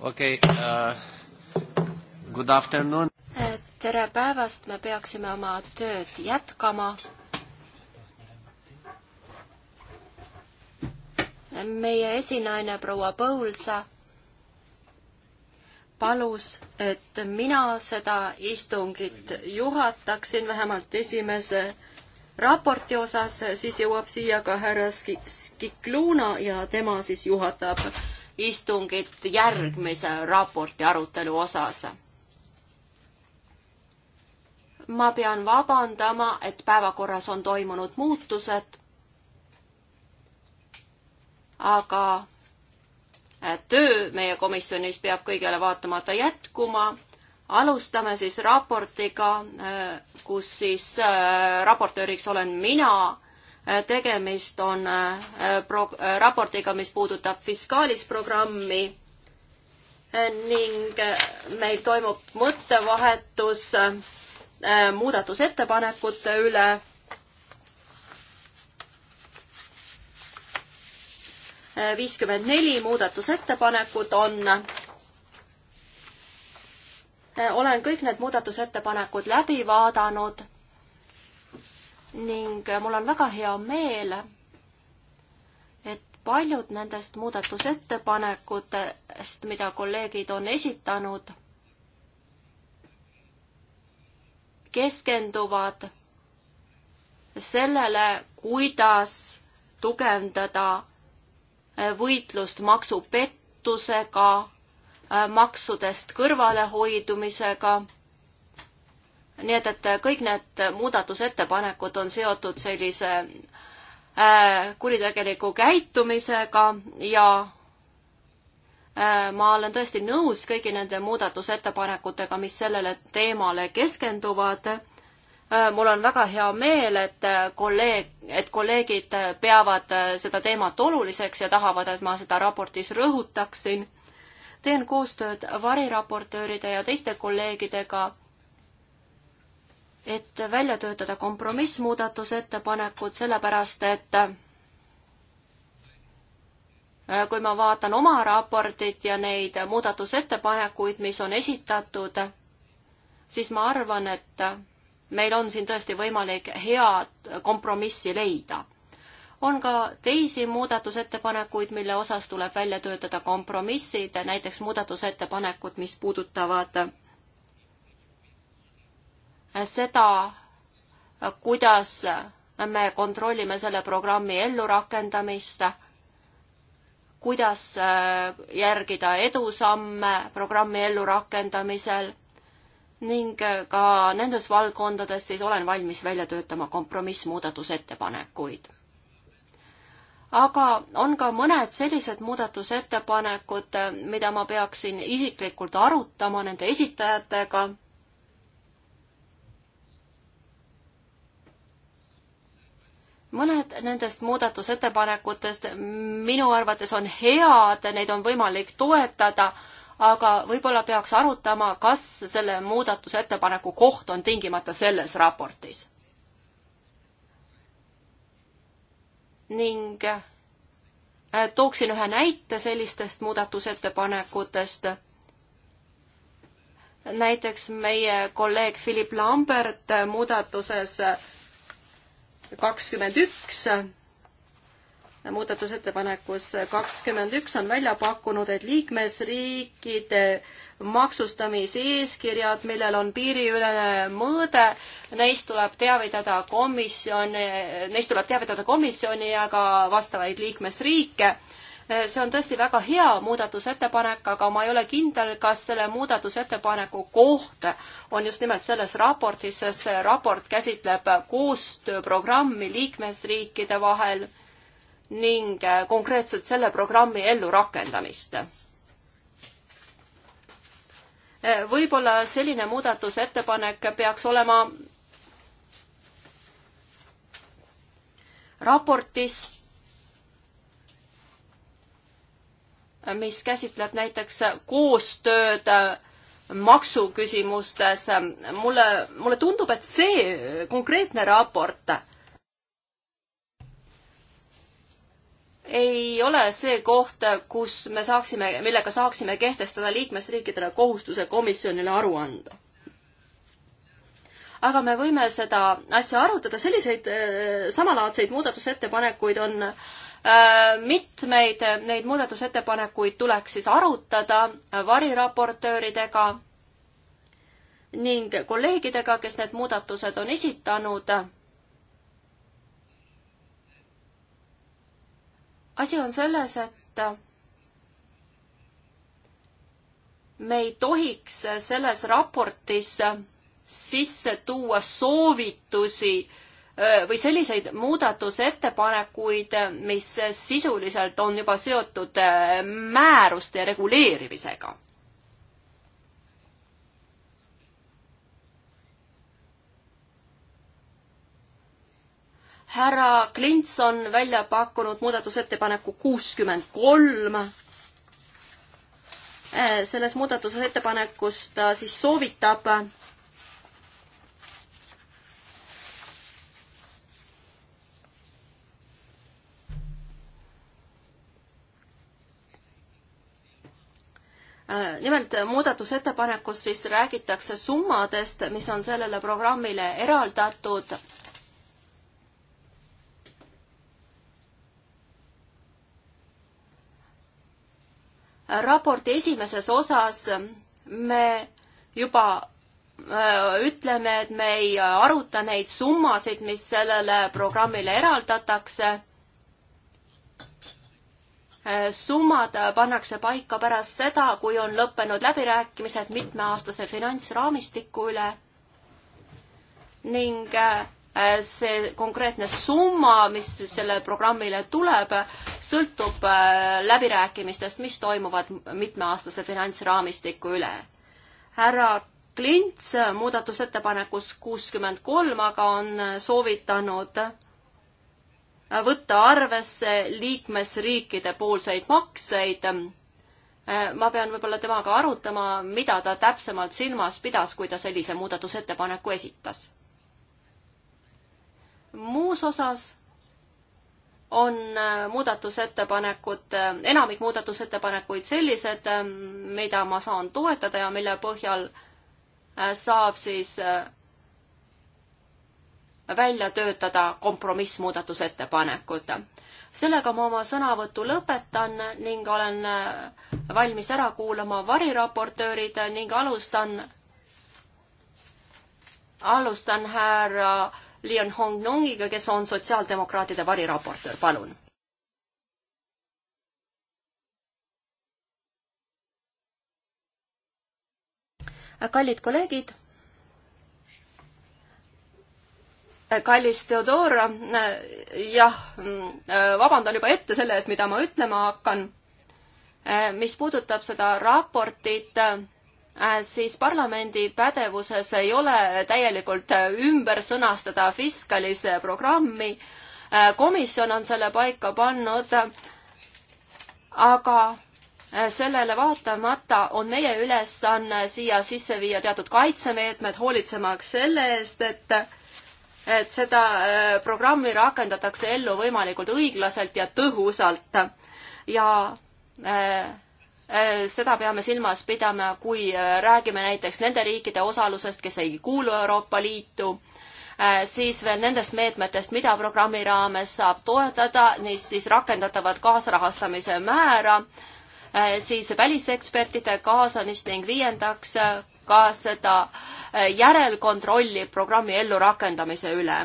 okei okay, uh,, good afternoon. tere päevast, me peaksime oma tööd jätkama. meie esinaine proua Põulsa palus, et mina seda istungit juhataksin vähemalt esimese raporti osas, siis jõuab siia ka härra Skikluna ja tema siis juhatab istungit järgmise raporti arutelu osas. ma pean vabandama, et päevakorras on toimunud muutused, aga töö meie komisjonis peab kõigele vaatamata jätkuma. alustame siis raportiga, kus siis äh, raportööriks olen mina Äh, tegemist on äh, pro-, äh, raportiga, mis puudutab fiskaalisprogrammi ning meil toimub mõttevahetus muudatusettepanekute üle. viiskümmend neli muudatusettepanekut on. olen kõik need muudatusettepanekud läbi vaadanud ning mul on väga hea meel, et paljud nendest muudatusettepanekutest, mida kolleegid on esitanud, keskenduvad sellele, kuidas tugevdada võitlust maksupettusega, maksudest kõrvalehoidumisega nii et, et kõik need muudatusettepanekud on seotud sellise äh, kuritegeliku käitumisega ja äh, ma olen tõesti nõus kõigi nende muudatusettepanekutega, mis sellele teemale keskenduvad äh,. mul on väga hea meel, et kolleeg, et kolleegid peavad seda teemat oluliseks ja tahavad, et ma seda raportis rõhutaksin. teen koostööd variraportööride ja teiste kolleegidega et välja töötada kompromissmuudatusettepanekud, sellepärast et äh, kui ma vaatan oma raportit ja neid muudatusettepanekuid, mis on esitatud, siis ma arvan, et meil on siin tõesti võimalik head kompromissi leida. on ka teisi muudatusettepanekuid, mille osas tuleb välja töötada kompromissid, näiteks muudatusettepanekud, mis puudutavad seda, kuidas me kontrollime selle programmi ellurakendamist, kuidas äh, järgida edusamme programmi ellurakendamisel ning äh, ka nendes valdkondades siis olen valmis välja töötama kompromissmuudatusettepanekuid. aga on ka mõned sellised muudatusettepanekud, äh, mida ma peaksin isiklikult arutama nende esitajatega mõned nendest muudatusettepanekutest minu arvates on head, neid on võimalik toetada, aga võib-olla peaks arutama, kas selle muudatusettepaneku koht on tingimata selles raportis. ning äh, tooksin ühe näite sellistest muudatusettepanekutest. näiteks meie kolleeg Philip Lambert äh, muudatuses äh, kakskümmend üks. muudatusettepanekus kakskümmend üks on välja pakkunud, et liikmesriikide maksustamiseeskirjad, millel on piiriülene mõõde, neist tuleb teavitada komisjoni, neist tuleb teavitada komisjoni ja ka vastavaid liikmesriike see on tõesti väga hea muudatusettepanek, aga ma ei ole kindel, kas selle muudatusettepaneku koht on just nimelt selles raportis, sest see raport käsitleb koostööprogrammi liikmesriikide vahel ning konkreetselt selle programmi ellurakendamist võib-olla selline muudatusettepanek peaks olema raportis mis käsitleb näiteks koostööd maksuküsimustes. mulle, mulle tundub, et see konkreetne raport ei ole see koht, kus me saaksime, millega saaksime kehtestada liikmesriikidele kohustuse komisjonile aru anda. aga me võime seda asja arutada, selliseid eh, samalaadseid muudatusettepanekuid on äh, Äh, mitmeid neid muudatusettepanekuid tuleks siis arutada variraportööridega ning kolleegidega, kes need muudatused on esitanud. asi on selles, et me ei tohiks selles raportis sisse tuua soovitusi äh, või selliseid muudatusettepanekuid, mis sisuliselt on juba seotud määruste reguleerimisega. härra Klints on välja pakkunud muudatusettepaneku kuuskümmend kolm selles muudatusettepanekus ta siis soovitab Äh, nimelt muudatusettepanekus siis räägitakse summadest, mis on sellele programmile eraldatud. raporti esimeses osas me juba äh, ütleme, et me ei aruta neid summasid, mis sellele programmile eraldatakse Äh, summad äh, pannakse paika pärast seda, kui on lõppenud läbirääkimised mitmeaastase finantsraamistiku üle ning äh, see konkreetne summa, mis selle programmile tuleb, sõltub läbirääkimistest, mis toimuvad mitmeaastase finantsraamistiku üle. härra Klints muudatusettepanekus kuuskümmend kolm aga on soovitanud võtta arvesse liikmesriikide poolseid makseid. ma pean võib-olla temaga arutama, mida ta täpsemalt silmas pidas, kui ta sellise muudatusettepaneku esitas. muus osas on muudatusettepanekud, enamik muudatusettepanekuid sellised, mida ma saan toetada ja mille põhjal saab siis välja töötada kompromissmuudatusettepanekud. sellega ma oma sõnavõtu lõpetan ning olen äh, valmis ära kuulama variraportöörid ning alustan, alustan härra Leon Hong-Nongiga, kes on sotsiaaldemokraatide variraportöör, palun. kallid kolleegid kallis Theodora, äh, jah, äh, vabandan juba ette selle eest, mida ma ütlema hakkan. Äh, mis puudutab seda raportit, siis parlamendi pädevuses ei ole täielikult ümber sõnastada fiskalise programmi. komisjon on selle paika pannud, aga sellele vaatamata on meie ülesanne siia sisse viia teatud kaitsemeetmed, hoolitsemaks selle eest, et et seda äh, programmi rakendatakse ellu võimalikult õiglaselt ja tõhusalt ja äh, äh, seda peame silmas pidama, kui räägime näiteks nende riikide osalusest, kes ei kuulu Euroopa Liitu, siis veel nendest meetmetest, mida programmi raames saab toetada, mis siis rakendatavat kaasrahastamise määra, siis välisekspertide kaasamist ning viiendaks ka seda äh, järelkontrolli programmi ellurakendamise üle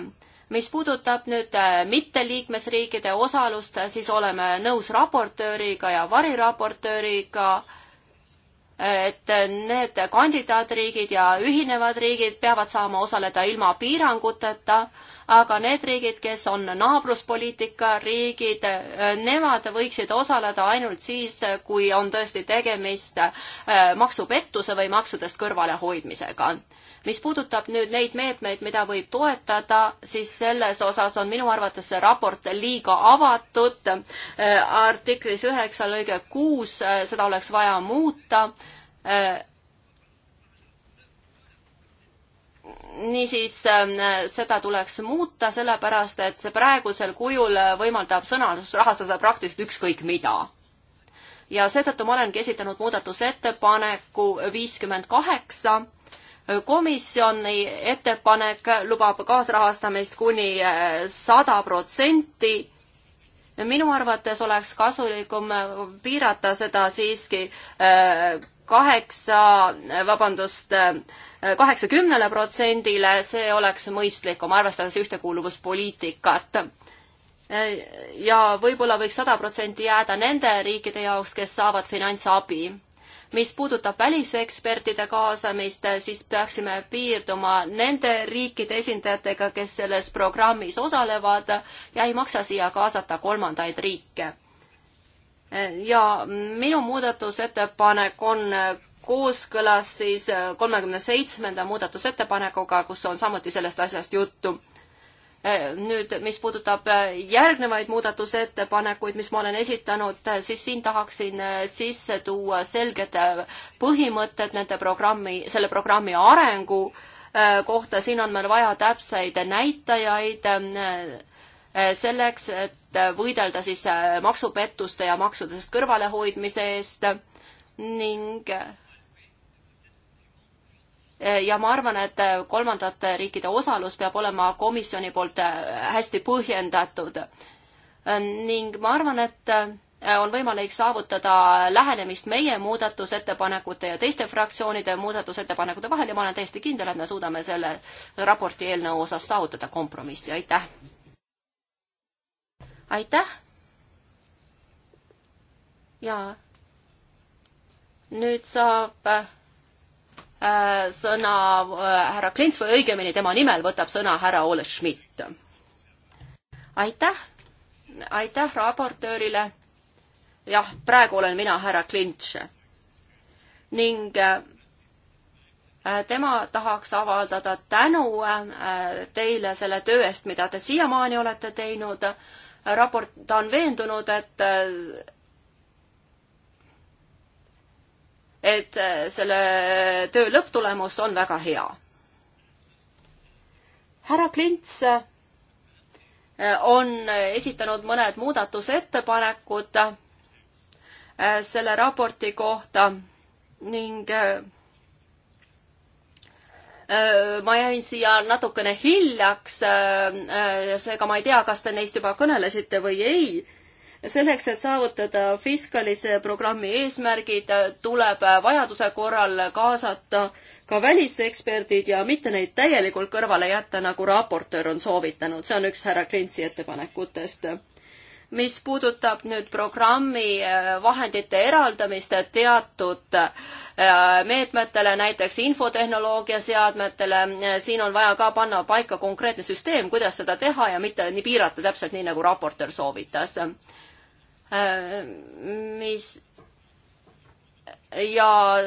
mis puudutab nüüd äh, mitteliikmesriikide osalust, siis oleme nõus raportööriga ja variraportööriga äh, et need kandidaatriigid ja ühinevad riigid peavad saama osaleda ilma piiranguteta, aga need riigid, kes on naabruspoliitika riigid, nemad võiksid osaleda ainult siis, kui on tõesti tegemist äh, maksupettuse või maksudest kõrvalehoidmisega. mis puudutab nüüd neid meetmeid, mida võib toetada, siis selles osas on minu arvates see raport liiga avatud. Äh, artiklis üheksa lõige kuus, äh, seda oleks vaja muuta Äh, niisiis ähm, seda tuleks muuta, sellepärast et see praegusel kujul võimaldab sõnastust rahastada praktiliselt ükskõik mida. ja seetõttu ma olengi esitanud muudatusettepaneku viiskümmend kaheksa komisjoni ettepanek lubab kaasrahastamist kuni äh, sada protsenti. minu arvates oleks kasulikum piirata seda siiski äh, kaheksa, vabandust, eh, kaheksakümnele protsendile, see oleks mõistlikum, arvestades ühtekuuluvuspoliitikat. Eh, ja võib-olla võiks sada protsenti jääda nende riikide jaoks, kes saavad finantsabi. mis puudutab välisekspertide kaasamist, eh, siis peaksime piirduma nende riikide esindajatega, kes selles programmis osalevad ja ei maksa siia kaasata kolmandaid riike ja minu muudatusettepanek on kooskõlas siis kolmekümne seitsmenda muudatusettepanekuga, kus on samuti sellest asjast juttu. nüüd, mis puudutab järgnevaid muudatusettepanekuid, mis ma olen esitanud, siis siin tahaksin sisse tuua selged põhimõtted nende programmi, selle programmi arengu kohta, siin on meil vaja täpseid näitajaid Äh, selleks, et äh, võidelda siis äh, maksupettuste ja maksudest kõrvalehoidmise eest ning ja ma arvan, et kolmandate riikide osalus peab olema komisjoni poolt hästi põhjendatud. ning ma arvan, et on võimalik saavutada lähenemist meie muudatusettepanekute ja teiste fraktsioonide muudatusettepanekute vahel ja ma olen täiesti kindel, et me suudame selle raporti eelnõu osas saavutada kompromissi, aitäh! aitäh! ja nüüd saab äh, sõna äh, härra äh, Klints või õigemini tema nimel võtab sõna härra Ole Schmidt. aitäh, aitäh raportöörile. jah, praegu olen mina härra Klints ning äh, tema tahaks avaldada tänu äh, teile selle töö eest, mida te siiamaani olete teinud raport, ta on veendunud, et et selle töö lõpptulemus on väga hea. härra Klints eh, on esitanud mõned muudatusettepanekud eh, selle raporti kohta ning eh, Äh, ma jäin siia natukene hiljaks, äh, äh, seega ma ei tea, kas te neist juba kõnelesite või ei. selleks, et saavutada fiskalise programmi eesmärgid, tuleb vajaduse korral kaasata ka väliseksperdid ja mitte neid täielikult kõrvale jätta, nagu raportöör on soovitanud, see on üks härra Klintsi ettepanekutest mis puudutab nüüd programmi äh, vahendite eraldamist äh, teatud äh, meetmetele, näiteks infotehnoloogia seadmetele, siin on vaja ka panna paika konkreetne süsteem, kuidas seda teha ja mitte nii piirata täpselt nii, nagu raportöör soovitas. mis ja äh,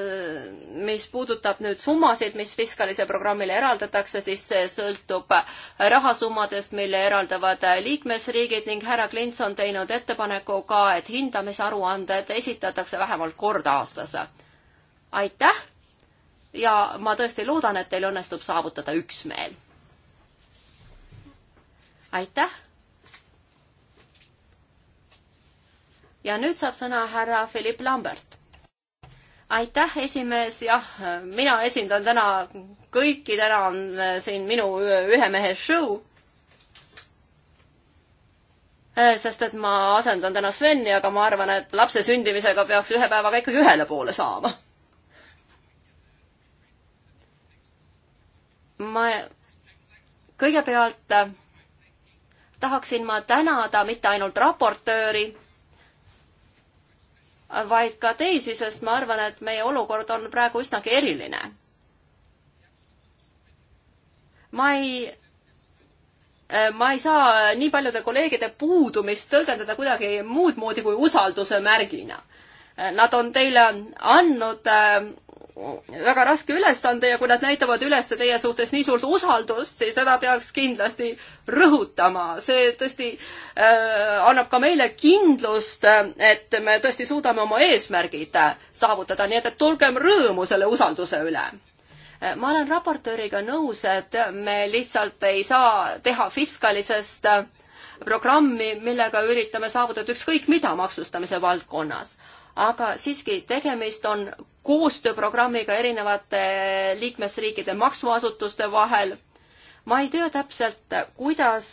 mis puudutab nüüd summasid, mis fiskalise programmile eraldatakse, siis see sõltub rahasummadest, mille eraldavad liikmesriigid ning härra Klints on teinud ettepaneku ka, et hindamisaruanded esitatakse vähemalt kord aastas. aitäh ja ma tõesti loodan, et teil õnnestub saavutada üksmeel. aitäh ja nüüd saab sõna härra Philip Lambert aitäh, esimees, jah, mina esindan täna kõiki, täna on äh, siin minu äh, ühe mehe show. Äh, sest et ma asendan täna Sveni, aga ma arvan, et lapse sündimisega peaks ühe päevaga ikkagi ühele poole saama. ma kõigepealt tahaksin ma tänada mitte ainult raportööri vaid ka teisi, sest ma arvan, et meie olukord on praegu üsnagi eriline. ma ei, äh, ma ei saa nii paljude kolleegide puudumist tõlgendada kuidagi muud moodi kui usalduse märgina. Nad on teile andnud äh, väga raske ülesande ja kui nad näitavad üles teie suhtes nii suurt usaldust, siis seda peaks kindlasti rõhutama. see tõesti äh, annab ka meile kindlust, et me tõesti suudame oma eesmärgid saavutada, nii et, et tulgem rõõmu selle usalduse üle äh, ma olen raportööriga nõus, et me lihtsalt ei saa teha fiskalisest programmi, millega üritame saavutada ükskõik mida maksustamise valdkonnas aga siiski tegemist on koostööprogrammiga erinevate liikmesriikide maksuasutuste vahel. ma ei tea täpselt, kuidas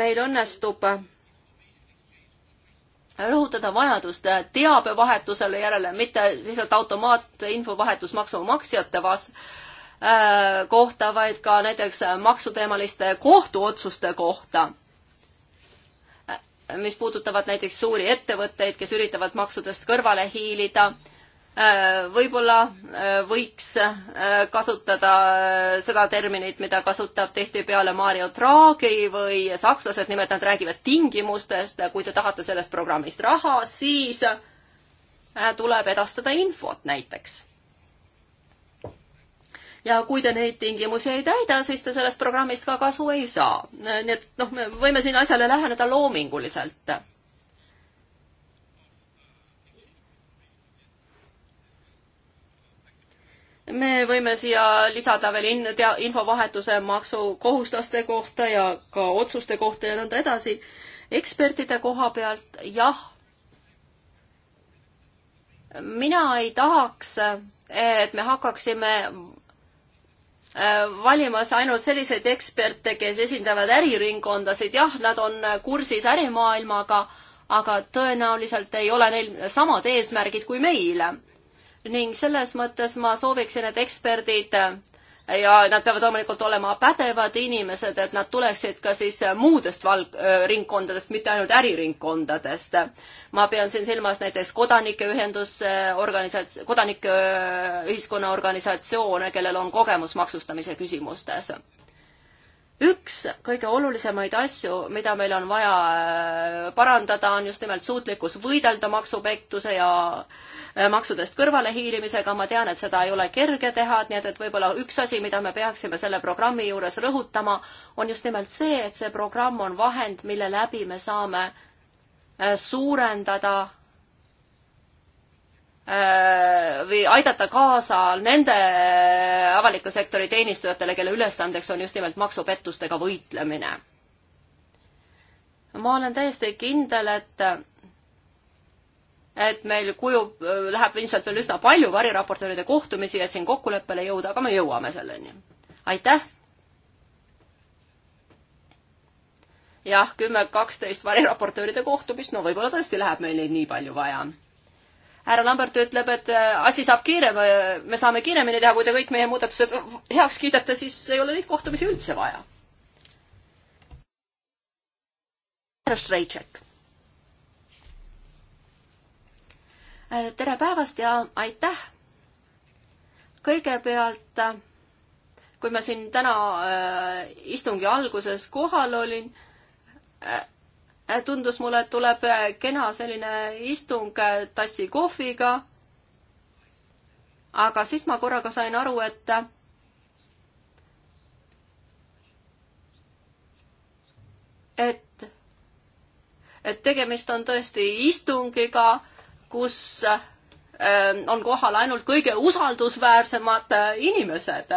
meil õnnestub rõhutada vajadust teabevahetusele järele, mitte lihtsalt automaatinfovahetus maksumaksjate vas-, äh, kohta, vaid ka näiteks maksuteemaliste kohtuotsuste kohta mis puudutavad näiteks suuri ettevõtteid, kes üritavad maksudest kõrvale hiilida. Äh, võib-olla äh, võiks äh, kasutada seda terminit, mida kasutab tihtipeale Mario Draghi või sakslased, nimelt nad räägivad tingimustest, kui te tahate sellest programmist raha, siis tuleb edastada infot näiteks ja kui te neid tingimusi ei täida, siis te sellest programmist ka kasu ei saa. nii et noh, me võime siin asjale läheneda loominguliselt. me võime siia lisada veel in-, tea-, infovahetuse maksukohuslaste kohta ja ka otsuste kohta ja nõnda edasi. ekspertide koha pealt jah, mina ei tahaks et me hakkaksime valimas ainult selliseid eksperte, kes esindavad äriringkondasid, jah, nad on kursis ärimaailmaga, aga tõenäoliselt ei ole neil samad eesmärgid kui meil. ning selles mõttes ma sooviksin, et eksperdid äh, ja nad peavad loomulikult olema pädevad inimesed, et nad tuleksid ka siis muudest valg-, ringkondadest, mitte ainult äriringkondadest. ma pean siin silmas näiteks kodanikeühenduse organisats-, kodanikeühiskonna organisatsioone, kellel on kogemus maksustamise küsimustes üks kõige olulisemaid asju, mida meil on vaja äh, parandada, on just nimelt suutlikkus võidelda maksupettuse ja äh, maksudest kõrvalehiilimisega, ma tean, et seda ei ole kerge teha, nii et, et võib-olla üks asi, mida me peaksime selle programmi juures rõhutama, on just nimelt see, et see programm on vahend, mille läbi me saame äh, suurendada Äh, või aidata kaasa nende avaliku sektori teenistujatele, kelle ülesandeks on just nimelt maksupettustega võitlemine. ma olen täiesti kindel, et et meil kujub, äh, läheb ilmselt veel üsna palju variraportööride kohtumisi, et siin kokkuleppele jõuda, aga me jõuame selleni. aitäh! jah, kümme, kaksteist variraportööride kohtumist, no võib-olla tõesti läheb meil neid nii palju vaja härra Lambert ütleb, et äh, asi saab kiirem, äh, me saame kiiremini teha, kui te kõik meie muudatused heaks kiidate, siis ei ole neid kohtumisi üldse vaja. härra Strejček. Äh, tere päevast ja aitäh. kõigepealt, kui ma siin täna istungi alguses kohal olin, tundus mulle, et tuleb kena selline istung tassi kohviga. aga siis ma korraga sain aru, et et, et tegemist on tõesti istungiga, kus äh, on kohal ainult kõige usaldusväärsemad äh, inimesed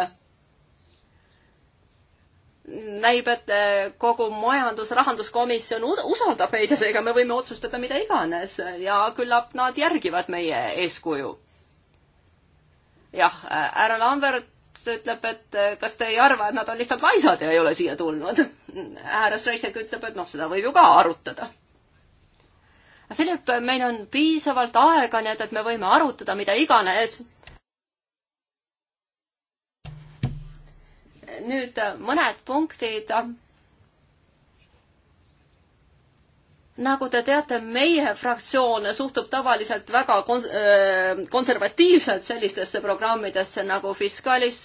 näib, et eh, kogu majandus, rahanduskomisjon usaldab meid ja seega me võime otsustada mida iganes ja küllap nad järgivad meie eeskuju. jah, äh, härra Lambert ütleb, et eh, kas te ei arva, et nad on lihtsalt laisad ja ei ole siia tulnud. härra Streisek ütleb, et noh, seda võib ju ka arutada. Philip, meil on piisavalt aega, nii et, et me võime arutada mida iganes nüüd mõned punktid. nagu te teate, meie fraktsioon suhtub tavaliselt väga kons-, äh, konservatiivselt sellistesse programmidesse nagu Fiscalis,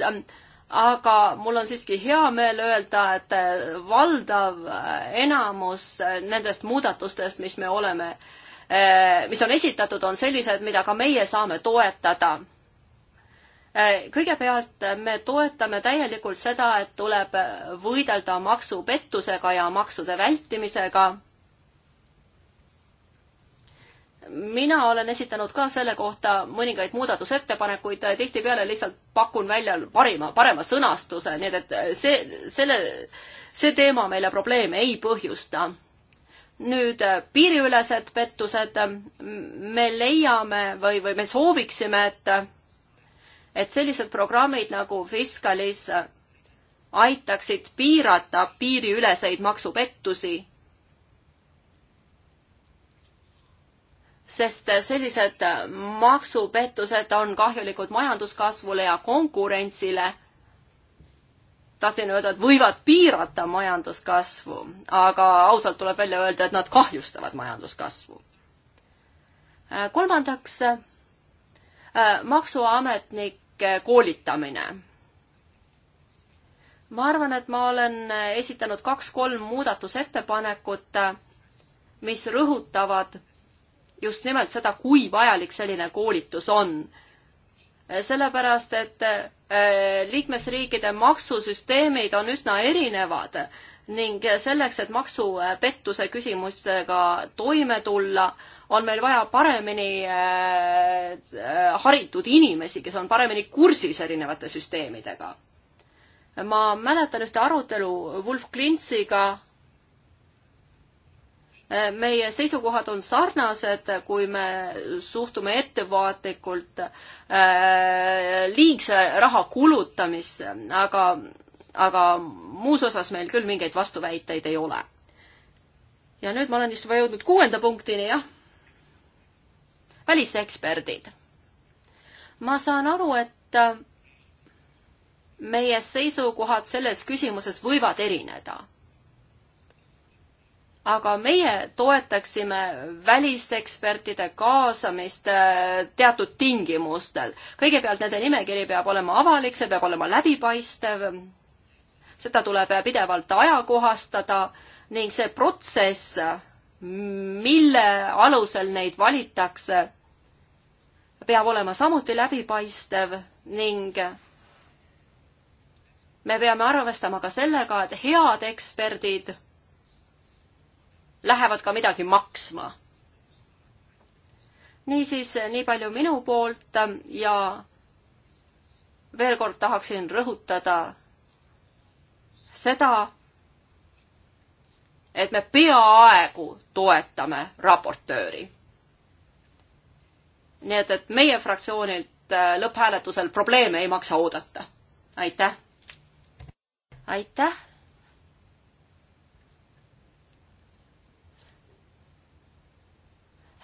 aga mul on siiski hea meel öelda, et valdav enamus nendest muudatustest, mis me oleme, äh, mis on esitatud, on sellised, mida ka meie saame toetada kõigepealt me toetame täielikult seda, et tuleb võidelda maksupettusega ja maksude vältimisega. mina olen esitanud ka selle kohta mõningaid muudatusettepanekuid, tihtipeale lihtsalt pakun välja parima, parema sõnastuse, nii et, et see, selle, see teema meile probleeme ei põhjusta nüüd piiriülesed pettused, me leiame või, või me sooviksime, et et sellised programmid nagu Fiskalis aitaksid piirata piiriüleseid maksupettusi. sest sellised maksupettused on kahjulikud majanduskasvule ja konkurentsile tahtsin öelda, et võivad piirata majanduskasvu, aga ausalt tuleb välja öelda, et nad kahjustavad majanduskasvu. kolmandaks, maksuametnik kodanike koolitamine. ma arvan, et ma olen esitanud kaks-kolm muudatusettepanekut, mis rõhutavad just nimelt seda, kui vajalik selline koolitus on. sellepärast, et eh, liikmesriikide maksusüsteemid on üsna erinevad ning selleks, et maksupettuse küsimustega toime tulla, on meil vaja paremini äh, äh, haritud inimesi, kes on paremini kursis erinevate süsteemidega. ma mäletan ühte arutelu Wolf Klintsiga. Äh, meie seisukohad on sarnased, kui me suhtume ettevaatlikult liigse raha kulutamisse, aga aga muus osas meil küll mingeid vastuväiteid ei ole. ja nüüd ma olen vist juba jõudnud kuuenda punktini, jah. väliseksperdid. ma saan aru, et meie seisukohad selles küsimuses võivad erineda. aga meie toetaksime välisekspertide kaasamist äh, teatud tingimustel. kõigepealt nende nimekiri peab olema avalik, see peab olema läbipaistev seda tuleb pidevalt ajakohastada ning see protsess, mille alusel neid valitakse, peab olema samuti läbipaistev ning me peame arvestama ka sellega, et head eksperdid lähevad ka midagi maksma. niisiis, nii palju minu poolt ja veel kord tahaksin rõhutada seda, et me peaaegu toetame raportööri. nii et, et meie fraktsioonilt äh, lõpphääletusel probleeme ei maksa oodata. aitäh! aitäh!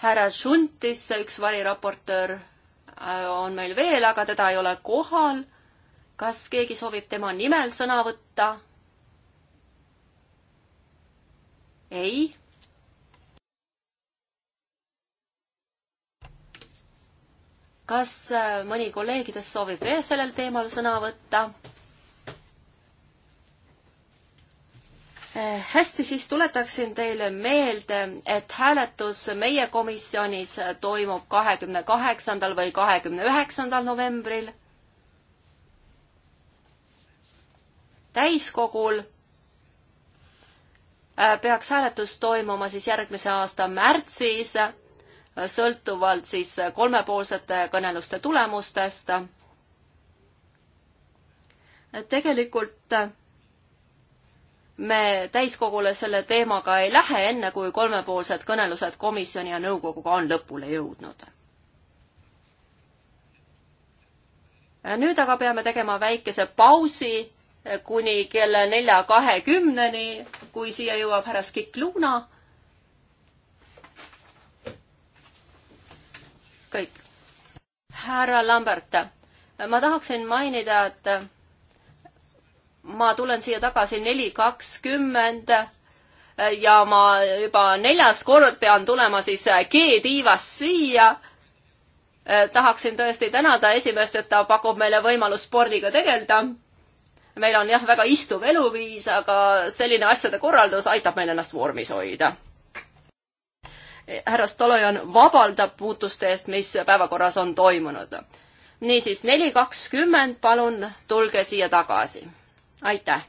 härra Šuntis, üks variraportöör, äh, on meil veel, aga teda ei ole kohal. kas keegi soovib tema nimel sõna võtta? ei. kas äh, mõni kolleegidest soovib veel sellel teemal sõna võtta? Äh, hästi, siis tuletaksin teile meelde, et hääletus meie komisjonis toimub kahekümne kaheksandal või kahekümne üheksandal novembril. täiskogul Äh, peaks hääletus toimuma siis järgmise aasta märtsis, äh, sõltuvalt siis äh, kolmepoolsete kõneluste tulemustest. tegelikult me täiskogule selle teemaga ei lähe, enne kui kolmepoolsed kõnelused komisjoni ja nõukoguga on lõpule jõudnud. nüüd aga peame tegema väikese pausi kuni kella nelja kahekümneni, kui siia jõuab härra Skikluna. kõik. härra Lambert, ma tahaksin mainida, et ma tulen siia tagasi neli kakskümmend ja ma juba neljas kord pean tulema siis G-tiivast siia tahaksin tõesti tänada esimest, et ta pakub meile võimalust spordiga tegeleda meil on jah, väga istuv eluviis, aga selline asjade korraldus aitab meil ennast vormis hoida. härra Stolojan vabaldab muutuste eest, mis päevakorras on toimunud. niisiis, neli kakskümmend, palun tulge siia tagasi. aitäh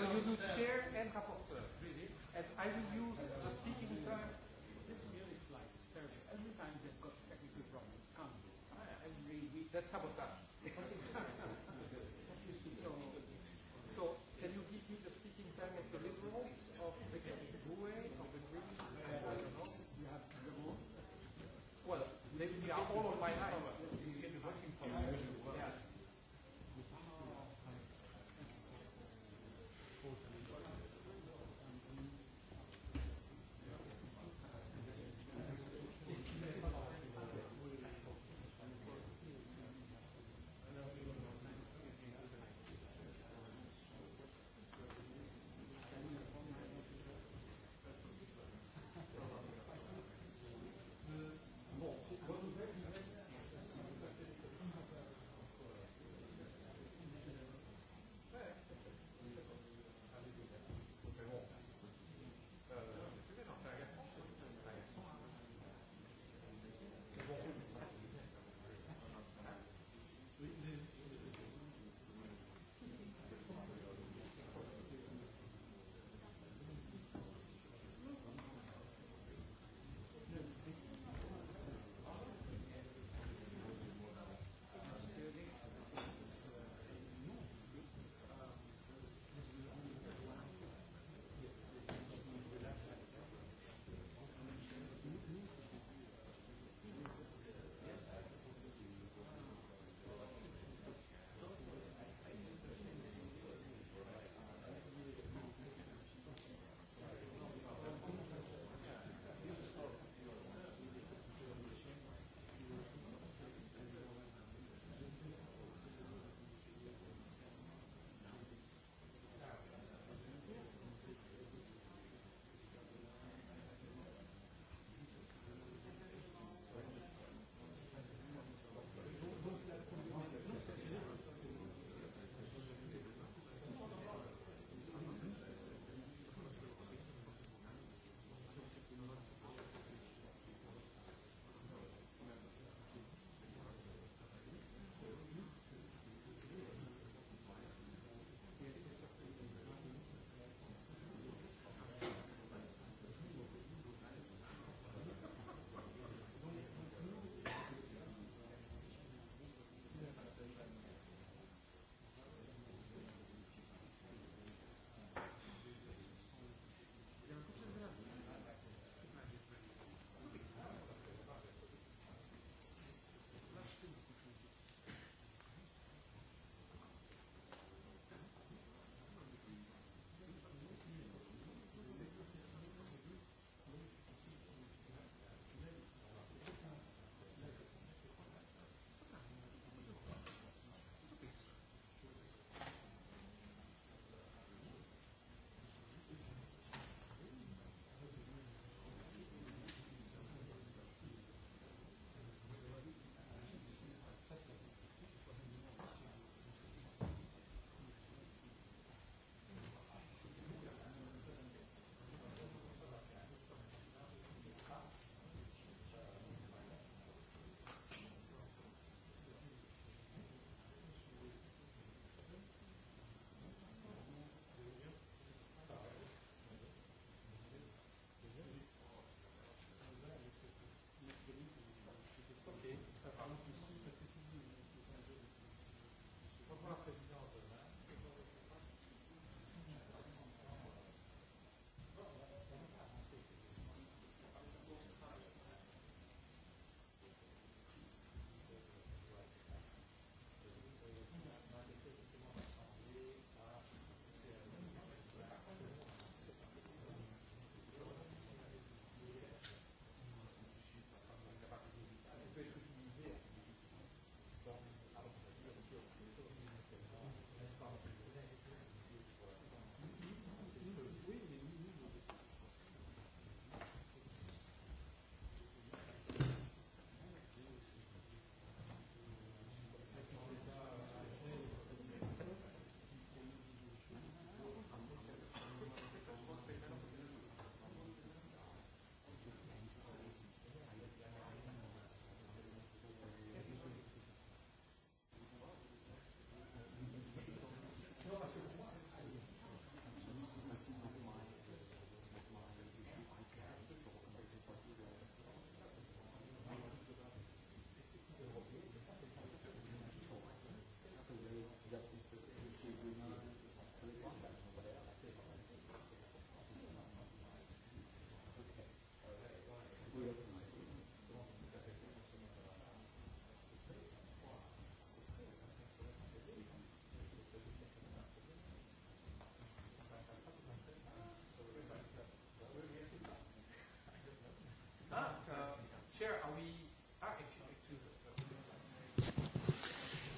So you do chair and rapporteur. And I will use the speaking term. This Munich flight is terrible. Every time they've got technical problems, can't be. Every week. That's sabotage.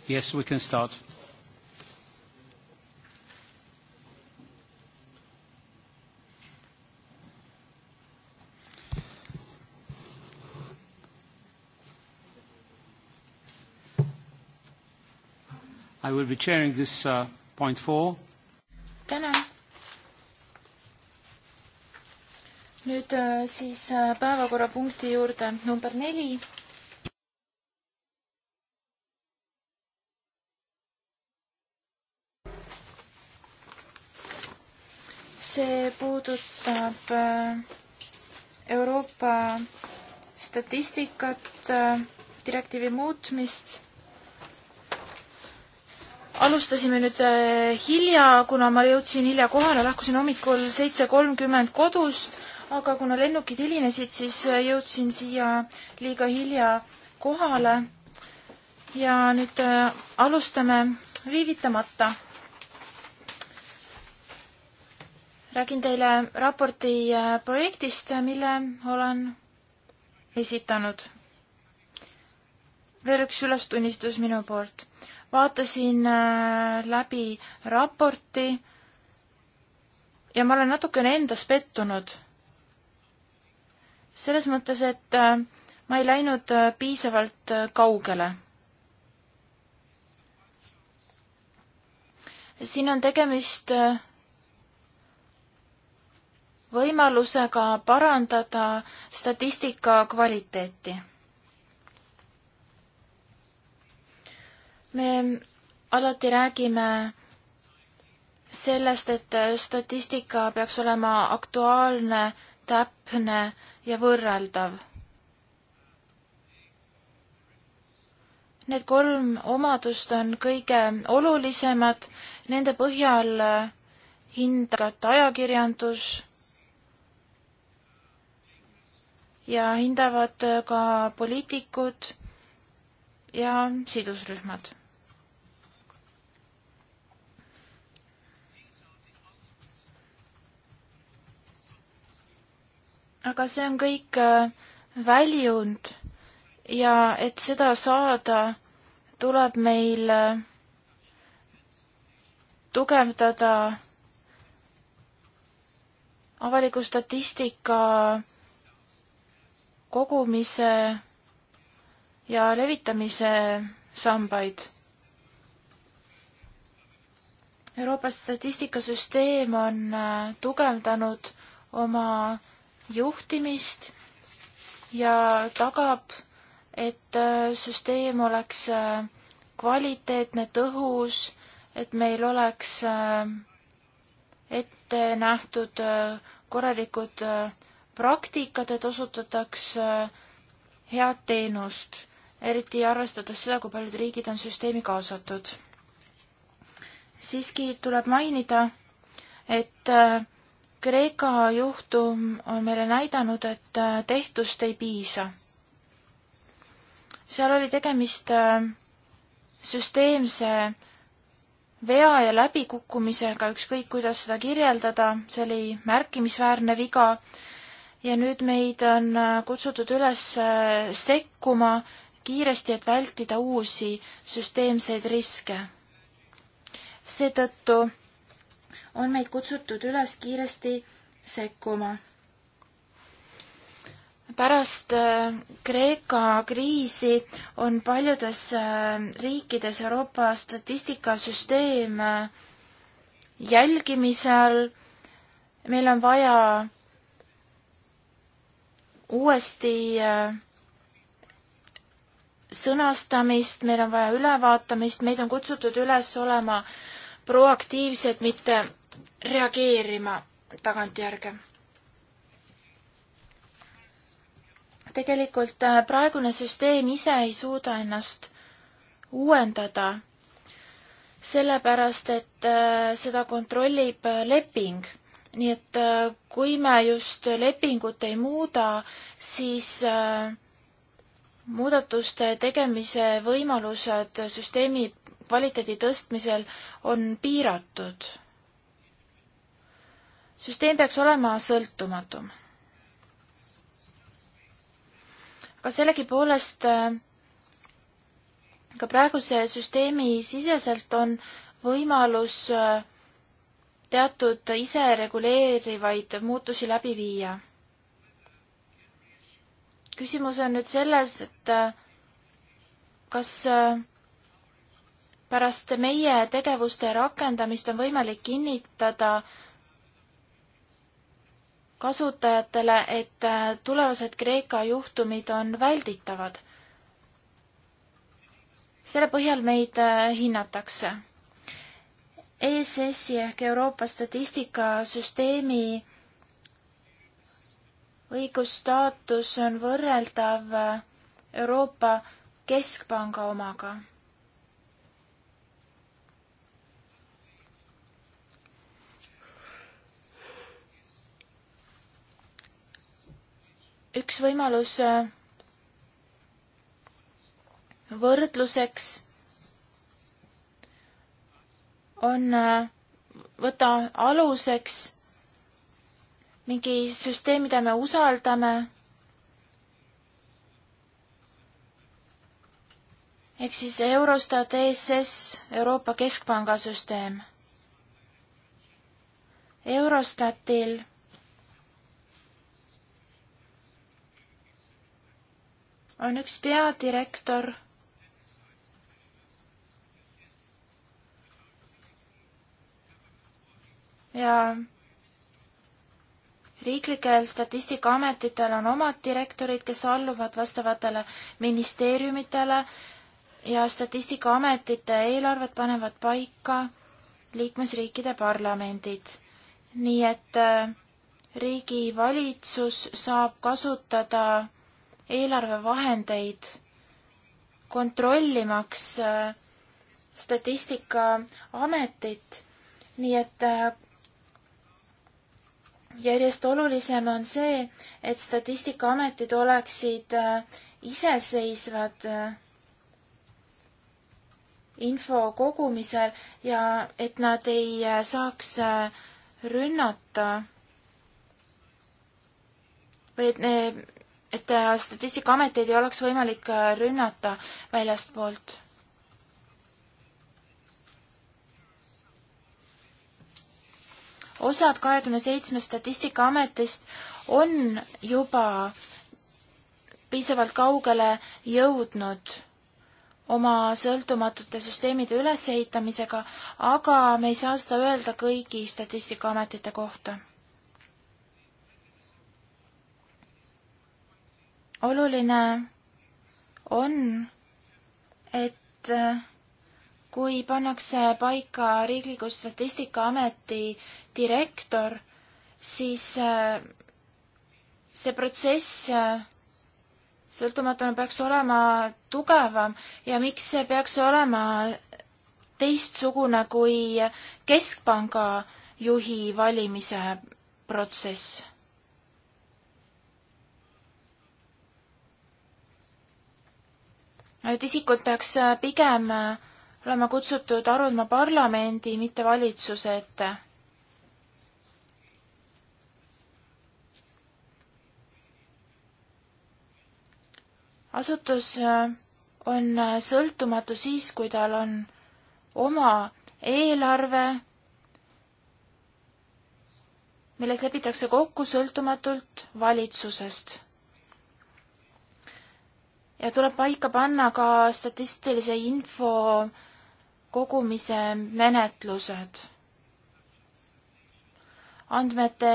Yes, we can start. I will be chairing this uh, point four. Tänan. Nüüd äh, siis äh, päevakorrapunkti juurde number neli statistikat, äh, direktiivi muutmist. alustasime nüüd äh, hilja, kuna ma jõudsin hilja kohale, lahkusin hommikul seitse kolmkümmend kodust, aga kuna lennukid hilinesid, siis äh, jõudsin siia liiga hilja kohale. ja nüüd alustame viivitamata. räägin teile raporti projektist, mille olen esitanud. veel üks ülestunnistus minu poolt. vaatasin äh, läbi raporti ja ma olen natukene endas pettunud. selles mõttes, et äh, ma ei läinud äh, piisavalt kaugele. siin on tegemist võimalusega parandada statistika kvaliteeti. me alati räägime sellest, et statistika peaks olema aktuaalne, täpne ja võrreldav. Need kolm omadust on kõige olulisemad, nende põhjal hindavad ajakirjandus, ja hindavad äh, ka poliitikud ja sidusrühmad. aga see on kõik äh, väljund ja et seda saada, tuleb meil äh, tugevdada avaliku statistika kogumise ja levitamise sambaid. Euroopa statistikasüsteem on äh, tugevdanud oma juhtimist ja tagab, et äh, süsteem oleks äh, kvaliteetne, tõhus, et meil oleks ette nähtud korralikud praktikat, et osutatakse head teenust, eriti arvestades seda, kui paljud riigid on süsteemi kaasatud. siiski tuleb mainida, et äh, Kreeka juhtum on meile näidanud, et äh, tehtust ei piisa. seal oli tegemist äh, süsteemse vea ja läbikukkumisega, ükskõik kuidas seda kirjeldada, see oli märkimisväärne viga ja nüüd meid on äh, kutsutud üles äh, sekkuma kiiresti, et vältida uusi süsteemseid riske. seetõttu on meid kutsutud üles kiiresti sekkuma. pärast äh, Kreeka kriisi on paljudes riikides Euroopa statistikasüsteem jälgimise all. meil on vaja uuesti äh, sõnastamist, meil on vaja ülevaatamist, meid on kutsutud üles olema proaktiivsed, mitte reageerima tagantjärge. tegelikult äh, praegune süsteem ise ei suuda ennast uuendada, sellepärast et äh, seda kontrollib leping nii et äh, kui me just lepingut ei muuda, siis äh, muudatuste tegemise võimalused süsteemi kvaliteedi tõstmisel on piiratud. süsteem peaks olema sõltumatum. aga sellegipoolest äh, ka praeguse süsteemi siseselt on võimalus äh, teatud isereguleerivaid muutusi läbi viia. küsimus on nüüd selles, et äh, kas äh, pärast meie tegevuste rakendamist on võimalik kinnitada kasutajatele, et äh, tulevased Kreeka juhtumid on välditavad. selle põhjal meid hinnatakse ESS-i ehk Euroopa statistikasüsteemi õigusstaatus on võrreldav Euroopa Keskpanga omaga. üks võimalus võrdluseks on äh, võtta aluseks mingi süsteem, mida me usaldame. ehk siis Eurostat, ESS, Euroopa Keskpanga süsteem. Eurostatil on üks peadirektor ja riiklikel statistikaametitel on omad direktorid, kes alluvad vastavatele ministeeriumitele ja statistikaametite eelarved panevad paika liikmesriikide parlamendid. nii et äh, riigi valitsus saab kasutada eelarvevahendeid kontrollimaks äh, statistikaametit, nii et äh, järjest olulisem on see, et statistikaametid oleksid äh, iseseisvad äh, info kogumisel ja et nad ei äh, saaks rünnata või et ne, et Statistikaameteid ei oleks võimalik rünnata väljastpoolt osad kahekümne seitsmest statistikaametist on juba piisavalt kaugele jõudnud oma sõltumatute süsteemide ülesehitamisega, aga me ei saa seda öelda kõigi statistikaametite kohta. oluline on, et kui pannakse paika Riikliku Statistikaameti direktor, siis äh, see protsess äh, sõltumatuna peaks olema tugevam ja miks see peaks olema teistsugune kui keskpanga juhi valimise protsess? Need isikud peaks äh, pigem äh, olema kutsutud arutama parlamendi, mitte valitsuse ette. asutus äh, on äh, sõltumatu siis, kui tal on oma eelarve, milles lepitakse kokku sõltumatult valitsusest. ja tuleb paika panna ka statistilise info äh, kogumise menetlused. andmete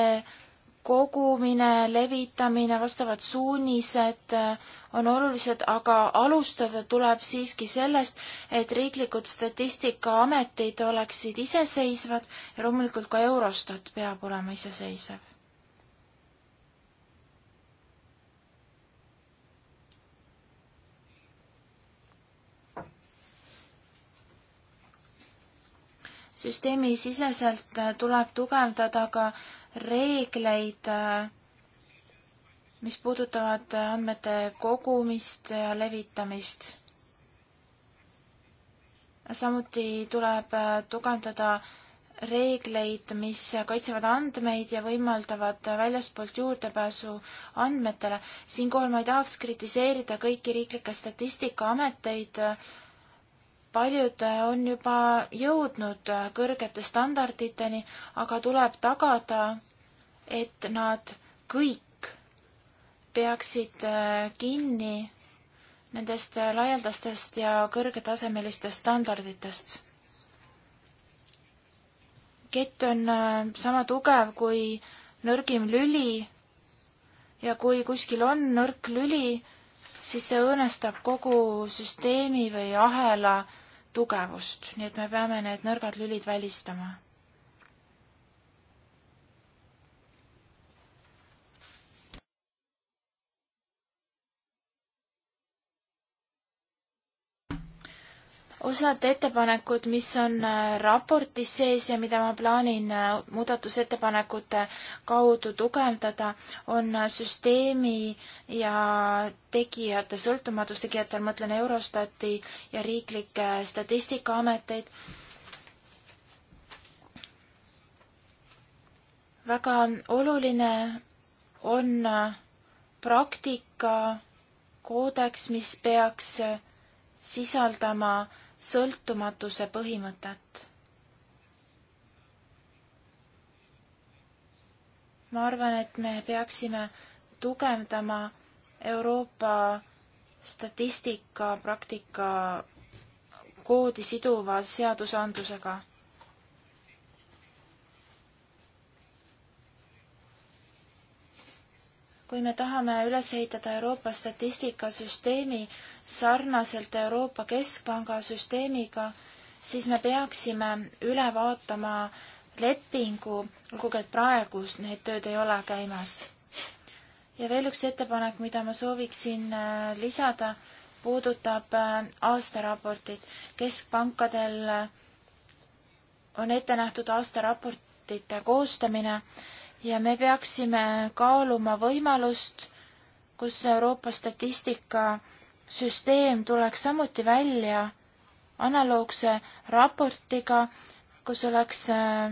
kogumine, levitamine, vastavad suunised äh, on olulised, aga alustada tuleb siiski sellest, et riiklikud statistikaametid oleksid iseseisvad ja loomulikult ka Eurostat peab olema iseseisev süsteemi siseselt äh, tuleb tugevdada ka reegleid, äh, mis puudutavad äh, andmete kogumist ja levitamist. samuti tuleb tugevdada reegleid, mis kaitsevad andmeid ja võimaldavad väljaspoolt juurdepääsu andmetele. siinkohal ma ei tahaks kritiseerida kõiki riiklikke statistikaameteid, paljud äh, on juba jõudnud äh, kõrgete standarditeni, aga tuleb tagada, et nad kõik peaksid äh, kinni nendest laialdastest ja kõrgetasemelistest standarditest. kett on sama tugev kui nõrgim lüli ja kui kuskil on nõrk lüli, siis see õõnestab kogu süsteemi või ahela tugevust, nii et me peame need nõrgad lülid välistama osad ettepanekud, mis on äh, raportis sees ja mida ma plaanin äh, muudatusettepanekute kaudu tugevdada, on äh, süsteemi ja tegijate sõltumatus, tegijatel mõtlen Eurostati ja riiklikke statistikaameteid. väga oluline on praktika koodeks, mis peaks sisaldama äh, sõltumatuse põhimõtet. ma arvan, et me peaksime tugevdama Euroopa statistika praktika koodi siduva seadusandlusega. kui me tahame üles ehitada Euroopa statistikasüsteemi, sarnaselt Euroopa Keskpanga süsteemiga, siis me peaksime üle vaatama lepingu, olgugi et praegu need tööd ei ole käimas. ja veel üks ettepanek, mida ma sooviksin äh, lisada, puudutab äh, aastaraportit. keskpankadel äh, on ette nähtud aastaraportite koostamine ja me peaksime kaaluma võimalust, kus Euroopa statistika süsteem tuleks samuti välja analoogse raportiga, kus oleks äh,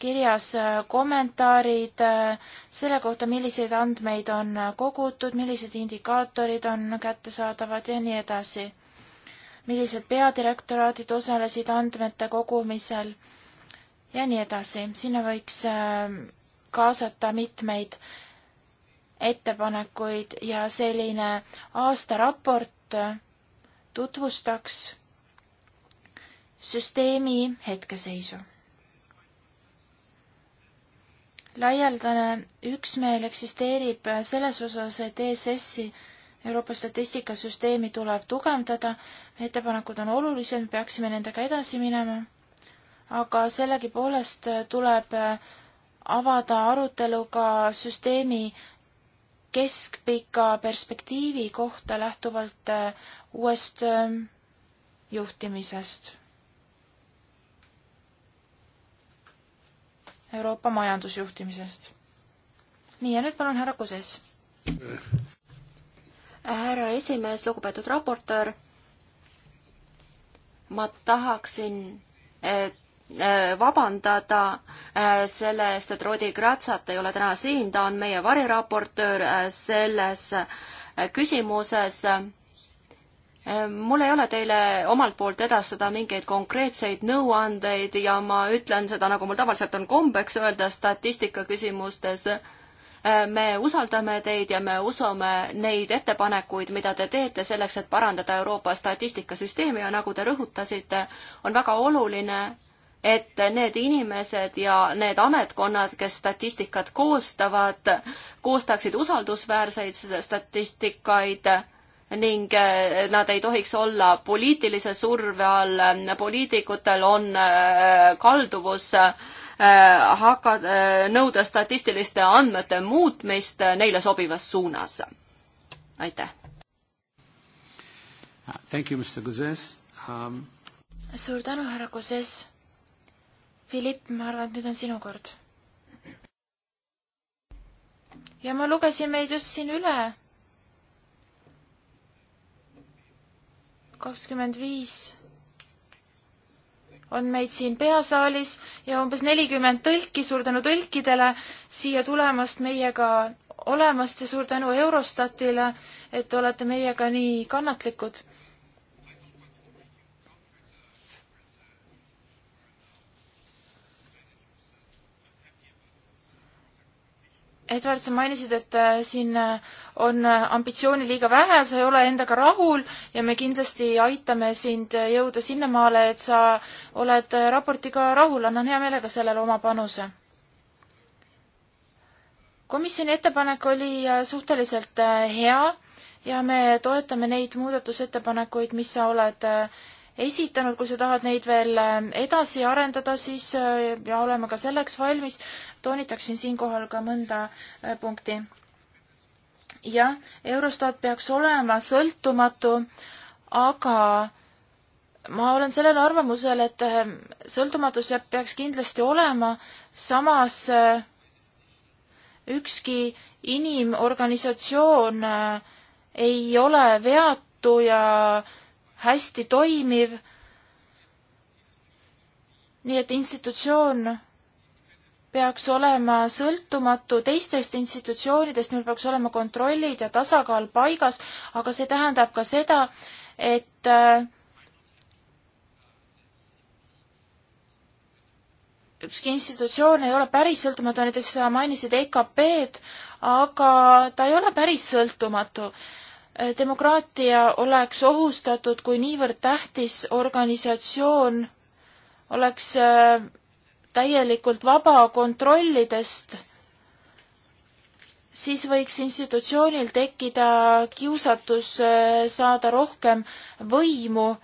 kirjas äh, kommentaarid äh, selle kohta, milliseid andmeid on kogutud, millised indikaatorid on kättesaadavad ja nii edasi. millised peadirektoraadid osalesid andmete kogumisel ja nii edasi. sinna võiks kaasata mitmeid ettepanekuid ja selline aastaraport tutvustaks süsteemi hetkeseisu. laialdane üksmeel eksisteerib selles osas, et ESS-i Euroopa statistikasüsteemi tuleb tugevdada, ettepanekud on olulised, me peaksime nendega edasi minema, aga sellegipoolest tuleb avada arutelu ka süsteemi keskpika perspektiivi kohta lähtuvalt äh, uuest ähm, juhtimisest. Euroopa majandusjuhtimisest. nii, ja nüüd palun härra Kuses. härra esimees, lugupeetud raportöör, ma tahaksin Äh, vabandada äh, selle eest, et Rodi Kratsat ei ole täna siin, ta on meie variraportöör äh, selles küsimuses. mul ei ole teile omalt poolt edastada mingeid konkreetseid nõuandeid ja ma ütlen seda, nagu mul tavaliselt on kombeks öelda statistika küsimustes me usaldame teid ja me usume neid ettepanekuid, mida te teete selleks, et parandada Euroopa statistikasüsteemi ja nagu te rõhutasite, on väga oluline, et need inimesed ja need ametkonnad, kes statistikat koostavad, koostaksid usaldusväärseid statistikaid ning eh, nad ei tohiks olla poliitilise surve all, poliitikutel on eh, kalduvus eh, hakka-, nõuda statistiliste andmete muutmist neile sobivas suunas. aitäh! Thank you, Mr Gozes um.... suur tänu, härra Gozes Philipp, ma arvan, et nüüd on sinu kord. ja ma lugesin meid just siin üle. kakskümmend viis on meid siin peasaalis ja umbes nelikümmend tõlki, suur tänu tõlkidele siia tulemast, meiega olemast ja suur tänu Eurostatile, et olete meiega nii kannatlikud Edward, sa mainisid, et äh, siin äh, on äh, ambitsiooni liiga vähe, sa ei ole endaga rahul ja me kindlasti aitame sind jõuda sinnamaale, et sa oled raportiga rahul, annan hea meelega sellele oma panuse. komisjoni ettepanek oli suhteliselt hea ja me toetame neid muudatusettepanekuid, mis sa oled esitanud, kui sa tahad neid veel ähm, edasi arendada, siis äh, ja oleme ka selleks valmis, toonitaksin siinkohal ka mõnda äh, punkti. jah, Eurostat peaks olema sõltumatu, aga ma olen sellel arvamusel, et ähm, sõltumatus peaks kindlasti olema, samas äh, ükski inimorganisatsioon ei ole veatu ja äh, hästi toimiv. nii et institutsioon peaks olema sõltumatu teistest institutsioonidest, meil peaks olema kontrollid ja tasakaal paigas, aga see tähendab ka seda, et äh, ükski institutsioon ei ole päris sõltumatu, näiteks sa mainisid EKP-d, aga ta ei ole päris sõltumatu demokraatia oleks ohustatud, kui niivõrd tähtis organisatsioon oleks äh, täielikult vaba kontrollidest, siis võiks institutsioonil tekkida kiusatus äh, saada rohkem võimu.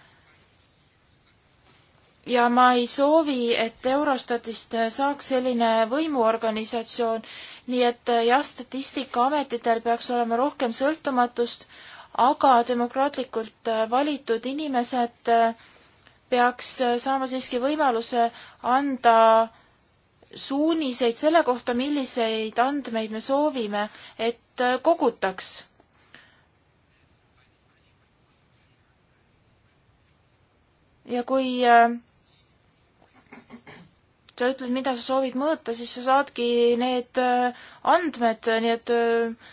ja ma ei soovi, et Eurostatist saaks selline võimuorganisatsioon nii et äh, jah, Statistikaametitel peaks olema rohkem sõltumatust, aga demokraatlikult äh, valitud inimesed äh, peaks saama siiski võimaluse anda suuniseid selle kohta, milliseid andmeid me soovime, et kogutaks. ja kui äh, sa ütled, mida sa soovid mõõta, siis sa saadki need äh, andmed, nii et äh,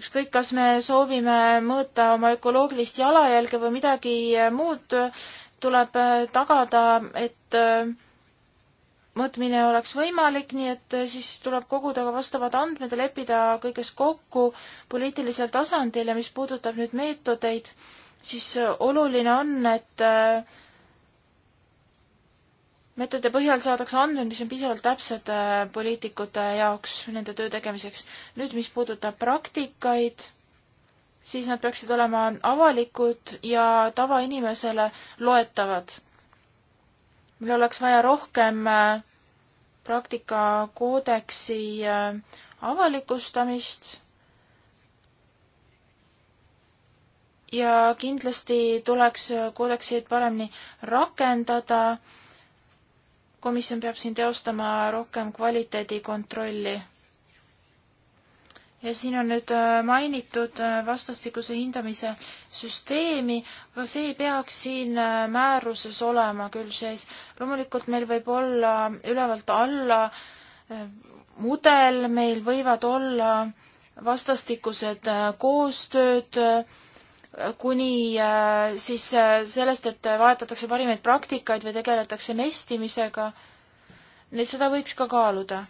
ükskõik, kas me soovime mõõta oma ökoloogilist jalajälge või midagi äh, muud, tuleb tagada, et mõõtmine oleks võimalik, nii et siis tuleb koguda ka vastavad andmed ja leppida kõiges kokku poliitilisel tasandil ja mis puudutab nüüd meetodeid, siis oluline on, et äh, meetode põhjal saadakse andmed, mis on piisavalt täpsed äh, poliitikute jaoks nende töö tegemiseks. nüüd, mis puudutab praktikaid, siis nad peaksid olema avalikud ja tavainimesele loetavad. meil oleks vaja rohkem äh, praktikakoodeksi äh, avalikustamist ja kindlasti tuleks koodekseid paremini rakendada komisjon peab siin teostama rohkem kvaliteedikontrolli. ja siin on nüüd äh, mainitud äh, vastastikuse hindamise süsteemi, aga see ei peaks siin äh, määruses olema küll sees. loomulikult meil võib olla ülevalt alla mudel, meil võivad olla vastastikused koostööd, kuni äh, siis äh, sellest, et vahetatakse parimaid praktikaid või tegeletakse nestimisega, neid seda võiks ka kaaluda.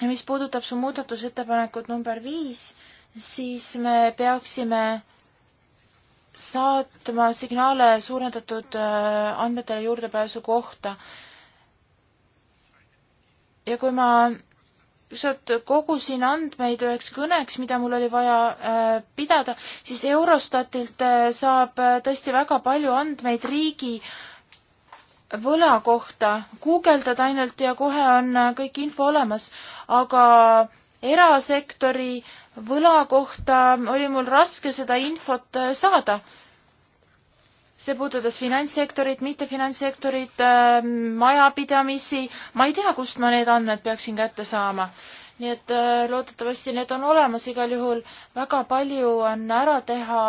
ja mis puudutab su muudatusettepanekut number viis, siis me peaksime saatma signaale suurendatud äh, andmetele juurdepääsu kohta. ja kui ma pisut kogusin andmeid üheks kõneks, mida mul oli vaja äh, pidada, siis Eurostatilt äh, saab äh, tõesti väga palju andmeid riigi võla kohta, guugeldad ainult ja kohe on äh, kõik info olemas, aga erasektori võla kohta oli mul raske seda infot äh, saada see puudutas finantssektorit, mittefinantssektorit, äh, majapidamisi, ma ei tea, kust ma need andmed peaksin kätte saama. nii et äh, loodetavasti need on olemas, igal juhul väga palju on ära teha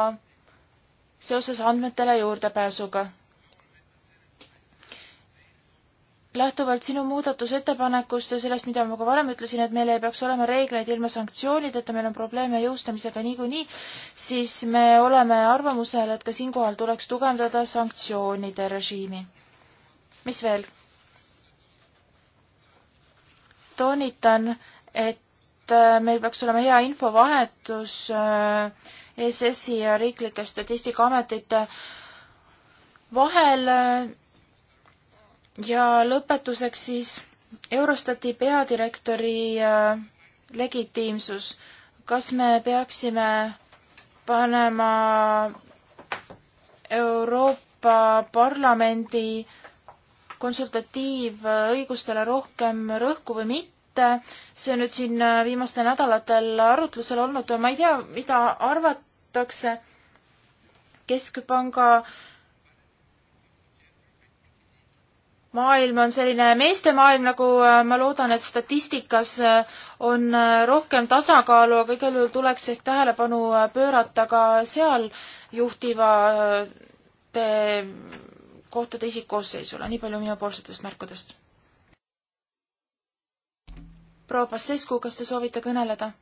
seoses andmetele juurdepääsuga lähtuvalt sinu muudatusettepanekust ja sellest, mida ma ka varem ütlesin, et meil ei peaks olema reegleid ilma sanktsioonideta, meil on probleeme jõustamisega niikuinii, siis me oleme arvamusel, et ka siinkohal tuleks tugevdada sanktsioonide režiimi. mis veel? toonitan, et äh, meil peaks olema hea infovahetus äh, ESS-i ja riiklike statistikaametite vahel äh, ja lõpetuseks siis Eurostati peadirektori äh, legitiimsus. kas me peaksime panema Euroopa Parlamendi konsultatiivõigustele rohkem rõhku või mitte, see on nüüd siin äh, viimastel nädalatel arutlusel olnud, ma ei tea, mida arvatakse. keskpanga äh, maailm on selline meestemaailm, nagu äh, ma loodan, et statistikas äh, on äh, rohkem tasakaalu, aga igal juhul tuleks ehk tähelepanu pöörata ka seal juhtivate kohtade isikkoosseisule, nii palju minupoolsetest märkudest. proua Pasescu, kas te soovite kõneleda?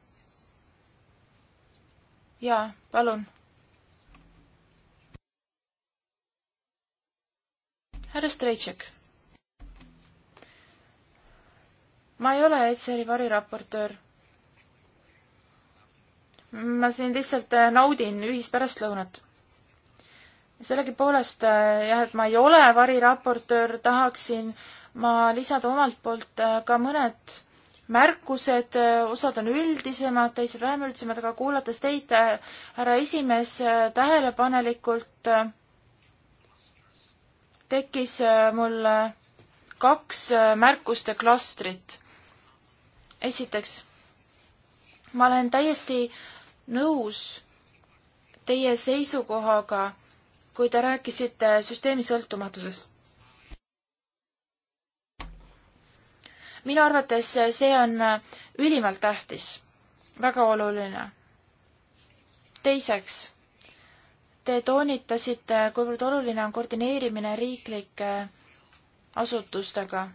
jaa, palun härra Strejček. ma ei ole Etseri variraportöör. ma siin lihtsalt äh, naudin ühist pärastlõunat. sellegipoolest äh, jah, et ma ei ole variraportöör, tahaksin ma lisada omalt poolt äh, ka mõned märkused, osad on üldisemad, teised vähem üldisemad, aga kuulates teid, härra esimees, tähelepanelikult tekkis mul kaks märkuste klastrit esiteks, ma olen täiesti nõus teie seisukohaga, kui te rääkisite süsteemi sõltumatusest. minu arvates see on ülimalt tähtis, väga oluline. teiseks, te toonitasite, kuivõrd oluline on koordineerimine riiklike asutustega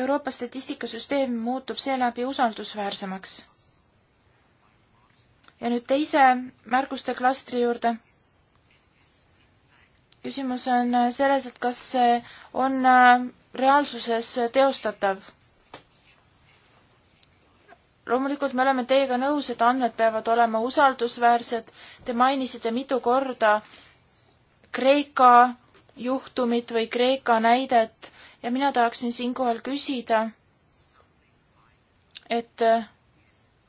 Euroopa statistikasüsteem muutub seeläbi usaldusväärsemaks. ja nüüd teise märguste klastri juurde. küsimus on selles, et kas see on äh, reaalsuses teostatav. loomulikult me oleme teiega nõus, et andmed peavad olema usaldusväärsed. Te mainisite mitu korda Kreeka juhtumit või Kreeka näidet ja mina tahaksin siinkohal küsida, et äh,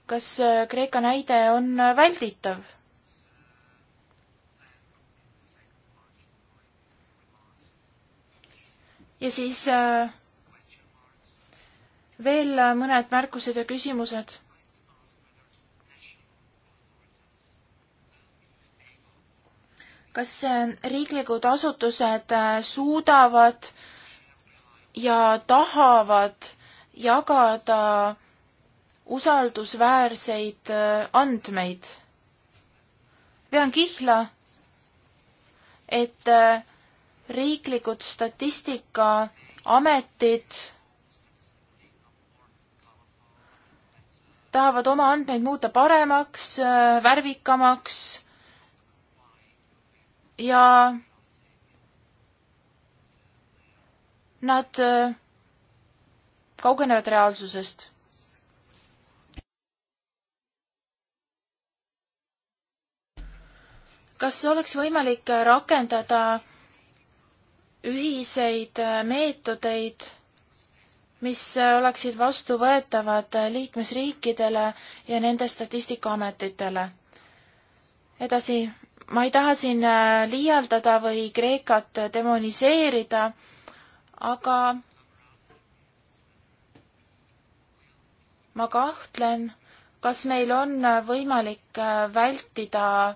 kas äh, Kreeka näide on äh, välditav? ja siis veel mõned märkused ja küsimused kas riiklikud asutused suudavad ja tahavad jagada usaldusväärseid äh, andmeid. pean kihla, et äh, riiklikud statistikaametid tahavad oma andmeid muuta paremaks, äh, värvikamaks ja nad äh, kaugenevad reaalsusest. kas oleks võimalik rakendada ühiseid äh, meetodeid, mis äh, oleksid vastuvõetavad liikmesriikidele ja nende statistikaametitele? edasi, ma ei taha siin liialdada või Kreekat demoniseerida aga ma kahtlen, kas meil on võimalik äh, vältida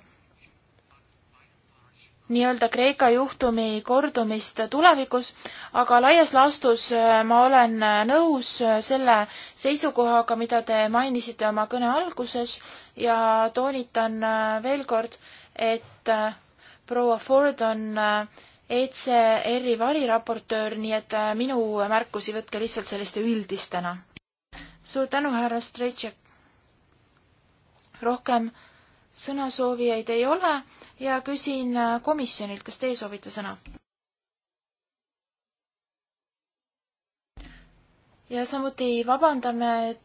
nii-öelda Kreeka juhtumi kordumist tulevikus, aga laias laastus äh, ma olen äh, nõus selle seisukohaga, mida te mainisite oma kõne alguses ja toonitan veel kord, et proua Ford on ECR-i variraportöör, nii et äh, minu märkusi võtke lihtsalt selliste üldistena. suur tänu, härra Strejtšek. rohkem sõnasoovijaid ei ole ja küsin äh, komisjonilt, kas teie soovite sõna? ja samuti vabandame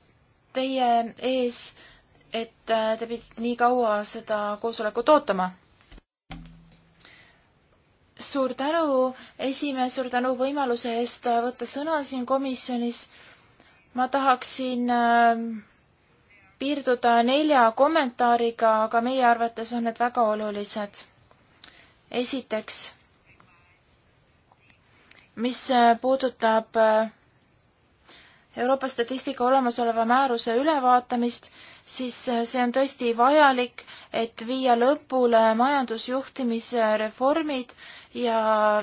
teie ees, et äh, te pidite nii kaua seda koosolekut ootama suur tänu, esimees, suur tänu võimaluse eest võtta sõna siin komisjonis. ma tahaksin ähm, piirduda nelja kommentaariga, aga meie arvates on need väga olulised. esiteks, mis äh, puudutab äh, Euroopa statistika olemasoleva määruse ülevaatamist, siis äh, see on tõesti vajalik, et viia lõpule majandusjuhtimise reformid ja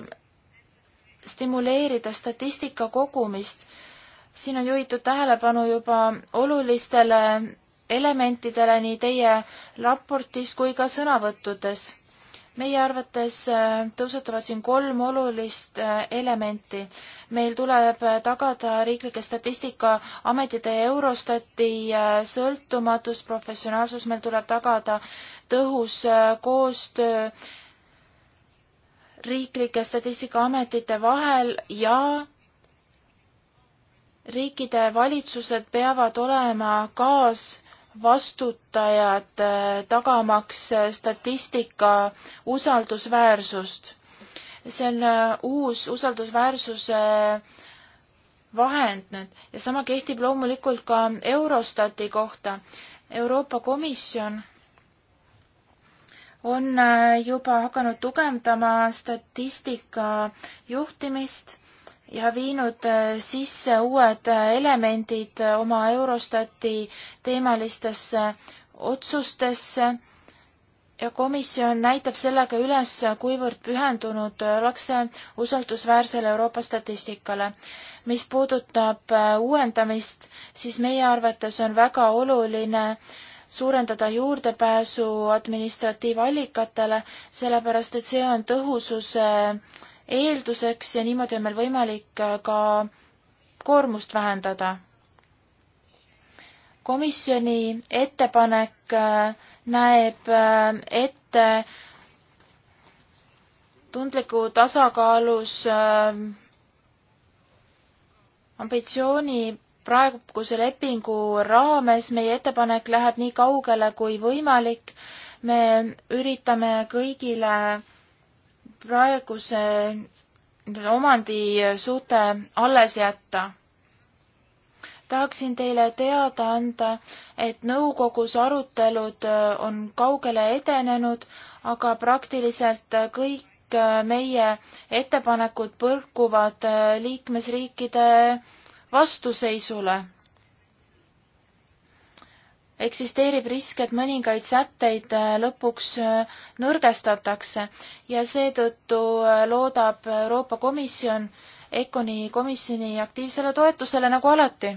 stimuleerida statistika kogumist. siin on juhitud tähelepanu juba olulistele elementidele nii teie raportis kui ka sõnavõttudes. meie arvates äh, tõusetuvad siin kolm olulist äh, elementi. meil tuleb tagada riiklike statistikaametite ja Eurostati äh, sõltumatus, professionaalsus, meil tuleb tagada tõhus koostöö riiklike statistikaametite vahel ja riikide valitsused peavad olema kaasvastutajad, äh, tagamaks äh, statistika usaldusväärsust. see on äh, uus usaldusväärsuse vahend nüüd ja sama kehtib loomulikult ka Eurostati kohta. Euroopa Komisjon on äh, juba hakanud tugevdama statistika juhtimist ja viinud äh, sisse uued äh, elemendid oma Eurostati teemalistesse otsustesse ja komisjon näitab sellega üles, kuivõrd pühendunud ollakse usaldusväärsele Euroopa statistikale. mis puudutab uuendamist, siis meie arvates on väga oluline äh, suurendada juurdepääsu administratiivallikatele, sellepärast et see on tõhususe eelduseks ja niimoodi on meil võimalik ka koormust vähendada. komisjoni ettepanek äh, näeb äh, ette tundliku tasakaalus äh, ambitsiooni praeguse lepingu raames meie ettepanek läheb nii kaugele kui võimalik. me üritame kõigile praeguse omandisuhte alles jätta. tahaksin teile teada anda, et nõukogus arutelud on kaugele edenenud, aga praktiliselt kõik kõik meie ettepanekud põrkuvad liikmesriikide vastuseisule. eksisteerib risk, et mõningaid sätteid äh, lõpuks äh, nõrgestatakse ja seetõttu äh, loodab Euroopa Komisjon ECONi komisjoni aktiivsele toetusele nagu alati.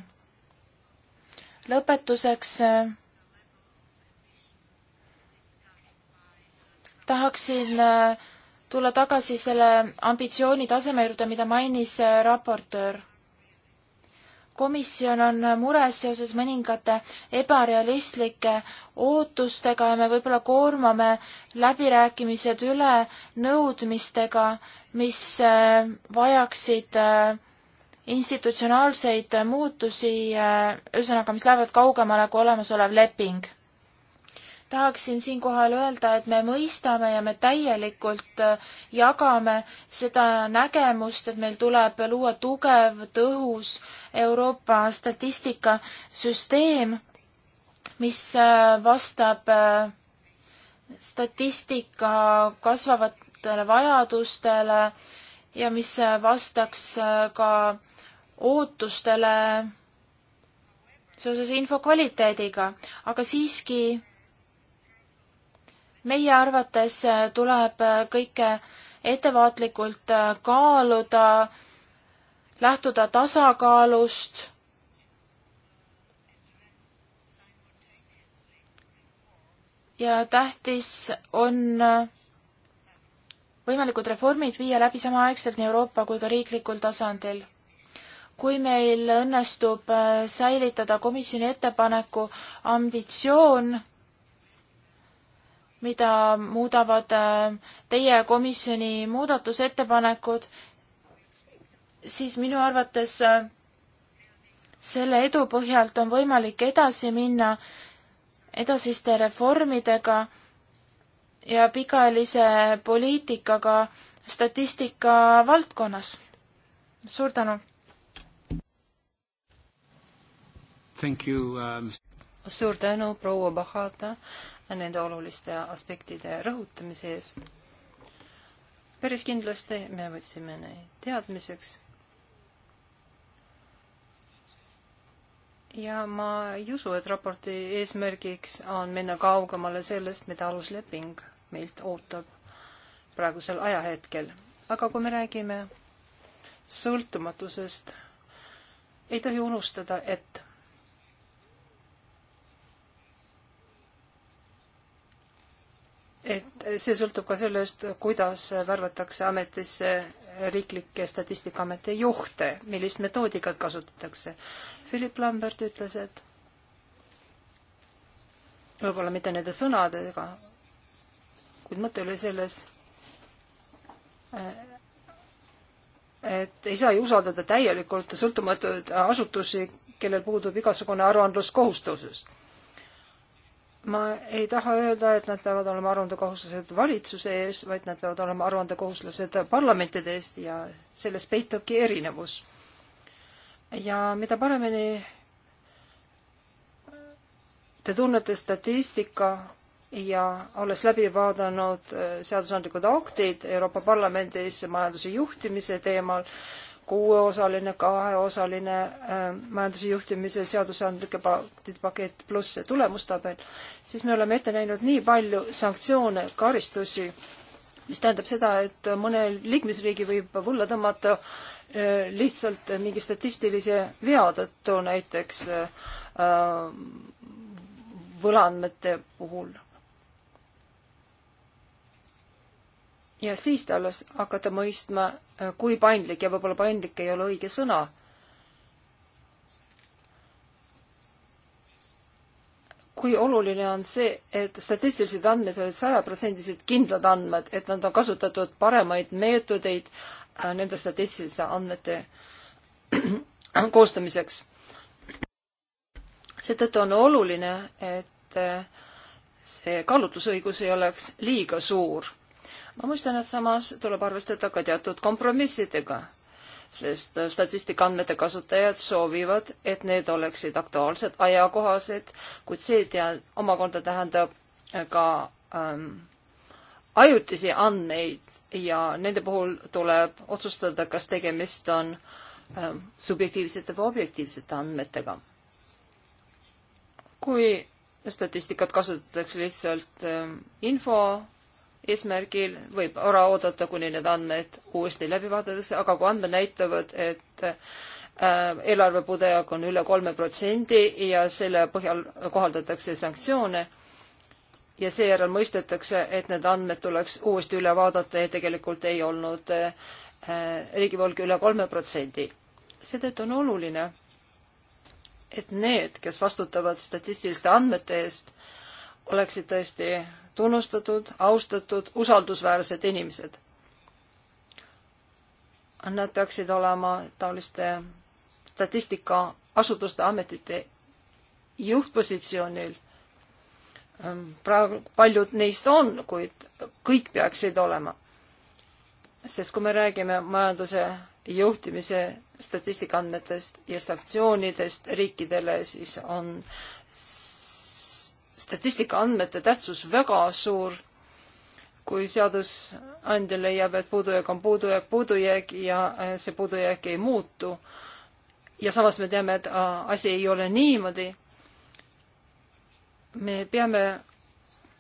lõpetuseks tahaksin tulla tagasi selle ambitsiooni taseme juurde, mida mainis raportöör komisjon on mures seoses mõningate ebarealistlike ootustega ja me võib-olla koormame läbirääkimised üle nõudmistega, mis äh, vajaksid äh, institutsionaalseid muutusi, äh, ühesõnaga, mis lähevad kaugemale kui olemasolev leping tahaksin siinkohal öelda, et me mõistame ja me täielikult äh, jagame seda nägemust, et meil tuleb luua tugev, tõhus Euroopa statistikasüsteem, mis äh, vastab äh, statistika kasvavatele vajadustele ja mis vastaks ka ootustele seoses info kvaliteediga, aga siiski meie arvates äh, tuleb äh, kõike ettevaatlikult äh, kaaluda, lähtuda tasakaalust ja tähtis on võimalikud reformid viia läbi samaaegselt nii Euroopa kui ka riiklikul tasandil. kui meil õnnestub säilitada komisjoni ettepaneku ambitsioon mida muudavad äh, teie komisjoni muudatusettepanekud, siis minu arvates äh, selle edu põhjalt on võimalik edasi minna edasiste reformidega ja pikaajalise poliitikaga statistika valdkonnas. suur tänu! Uh, suur tänu, proua Bahata nende oluliste aspektide rõhutamise eest. päris kindlasti me võtsime neid teadmiseks. ja ma ei usu, et raporti eesmärgiks on minna kaugemale sellest, mida alusleping meilt ootab praegusel ajahetkel. aga kui me räägime sõltumatusest, ei tohi unustada, et et see sõltub ka sellest, kuidas värvatakse ametisse riiklike statistikaameti juhte, millist metoodikat kasutatakse. Philip Lambert ütles, et võib-olla mitte nende sõnadega, kuid mõte oli selles, et ei saa ju usaldada täielikult sõltumatuid asutusi, kellel puudub igasugune aruandluskohustusest ma ei taha öelda, et nad peavad olema aruandekohuslased valitsuse ees, vaid nad peavad olema aruandekohuslased parlamentide eest ja selles peitubki erinevus. ja mida paremini te tunnete statistika ja olles läbi vaadanud äh, seadusandlikud aktid Euroopa Parlamendis majanduse juhtimise teemal, kuueosaline, kaheosaline äh, majanduse juhtimise seadusandlike pakett pluss see tulemustabel, siis me oleme ette näinud nii palju sanktsioone, karistusi, mis tähendab seda, et mõne liikmesriigi võib võlla tõmmata äh, lihtsalt mingi statistilise vea tõttu näiteks äh, äh võlaandmete puhul ja siis te alles hakkate mõistma, äh, kui paindlik ja võib-olla paindlik ei ole õige sõna. kui oluline on see, et statistilised andmed olid sajaprotsendiliselt kindlad andmed, et nad on kasutatud paremaid meetodeid äh, nende statistiliste andmete koostamiseks. seetõttu on oluline, et äh, see kaalutlusõigus ei oleks liiga suur ma mõistan, et samas tuleb arvestada ka teatud kompromissidega, sest statistika andmete kasutajad soovivad, et need oleksid aktuaalsed, ajakohased, kuid see tea-, omakorda tähendab ka ähm, ajutisi andmeid ja nende puhul tuleb otsustada, kas tegemist on ähm, subjektiivsete või objektiivsete andmetega. kui statistikat kasutatakse lihtsalt ähm, info eesmärgil võib ära oodata, kuni need andmed uuesti läbi vaadatakse, aga kui andmed näitavad, et äh, eelarvepudejak on üle kolme protsendi ja selle põhjal kohaldatakse sanktsioone ja seejärel mõistetakse, et need andmed tuleks uuesti üle vaadata ja tegelikult ei olnud äh, riigivõlg üle kolme protsendi. seetõttu on oluline, et need, kes vastutavad statistiliste andmete eest, oleksid tõesti tunnustatud, austatud, usaldusväärsed inimesed. Nad peaksid olema taoliste statistikaasutuste ametite juhtpositsioonil. Ehm, praegu paljud neist on, kuid kõik peaksid olema. sest kui me räägime majanduse juhtimise statistikaandmetest ja sanktsioonidest riikidele, siis on statistikaandmete tähtsus väga suur. kui seadusandja leiab, et puudujääk on puudujääk, puudujääk ja äh, see puudujääk ei muutu ja samas me teame, et äh, asi ei ole niimoodi, me peame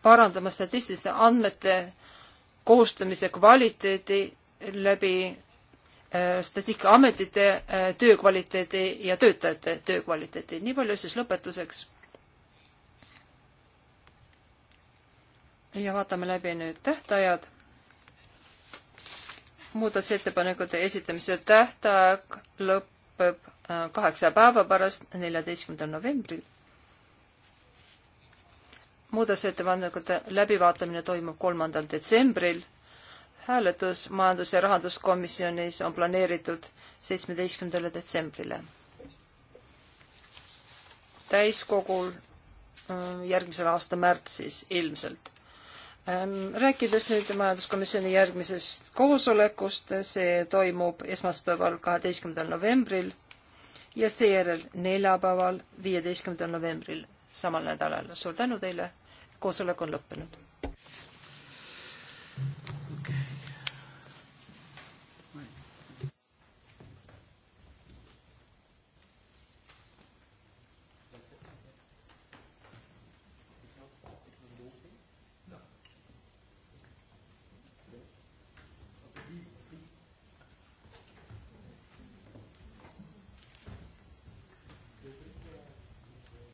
parandama statistiliste andmete koostamise kvaliteedi läbi äh, Statistikaametite töökvaliteedi ja töötajate töökvaliteedi. nii palju siis lõpetuseks. ja vaatame läbi nüüd tähtajad. muudatusettepanekute esitamise tähtaeg lõpeb äh, kaheksa päeva pärast, neljateistkümnendal novembril. muudatusettepanekute läbivaatamine toimub kolmandal detsembril. hääletus Majandus- ja Rahanduskomisjonis on planeeritud seitsmeteistkümnendale detsembrile. täiskogul äh, järgmisel aasta märtsis ilmselt. Ähm, rääkides nüüd majanduskomisjoni järgmisest koosolekust, see toimub esmaspäeval, kaheteistkümnendal novembril ja seejärel neljapäeval, viieteistkümnendal novembril samal nädalal. suur tänu teile, koosolek on lõppenud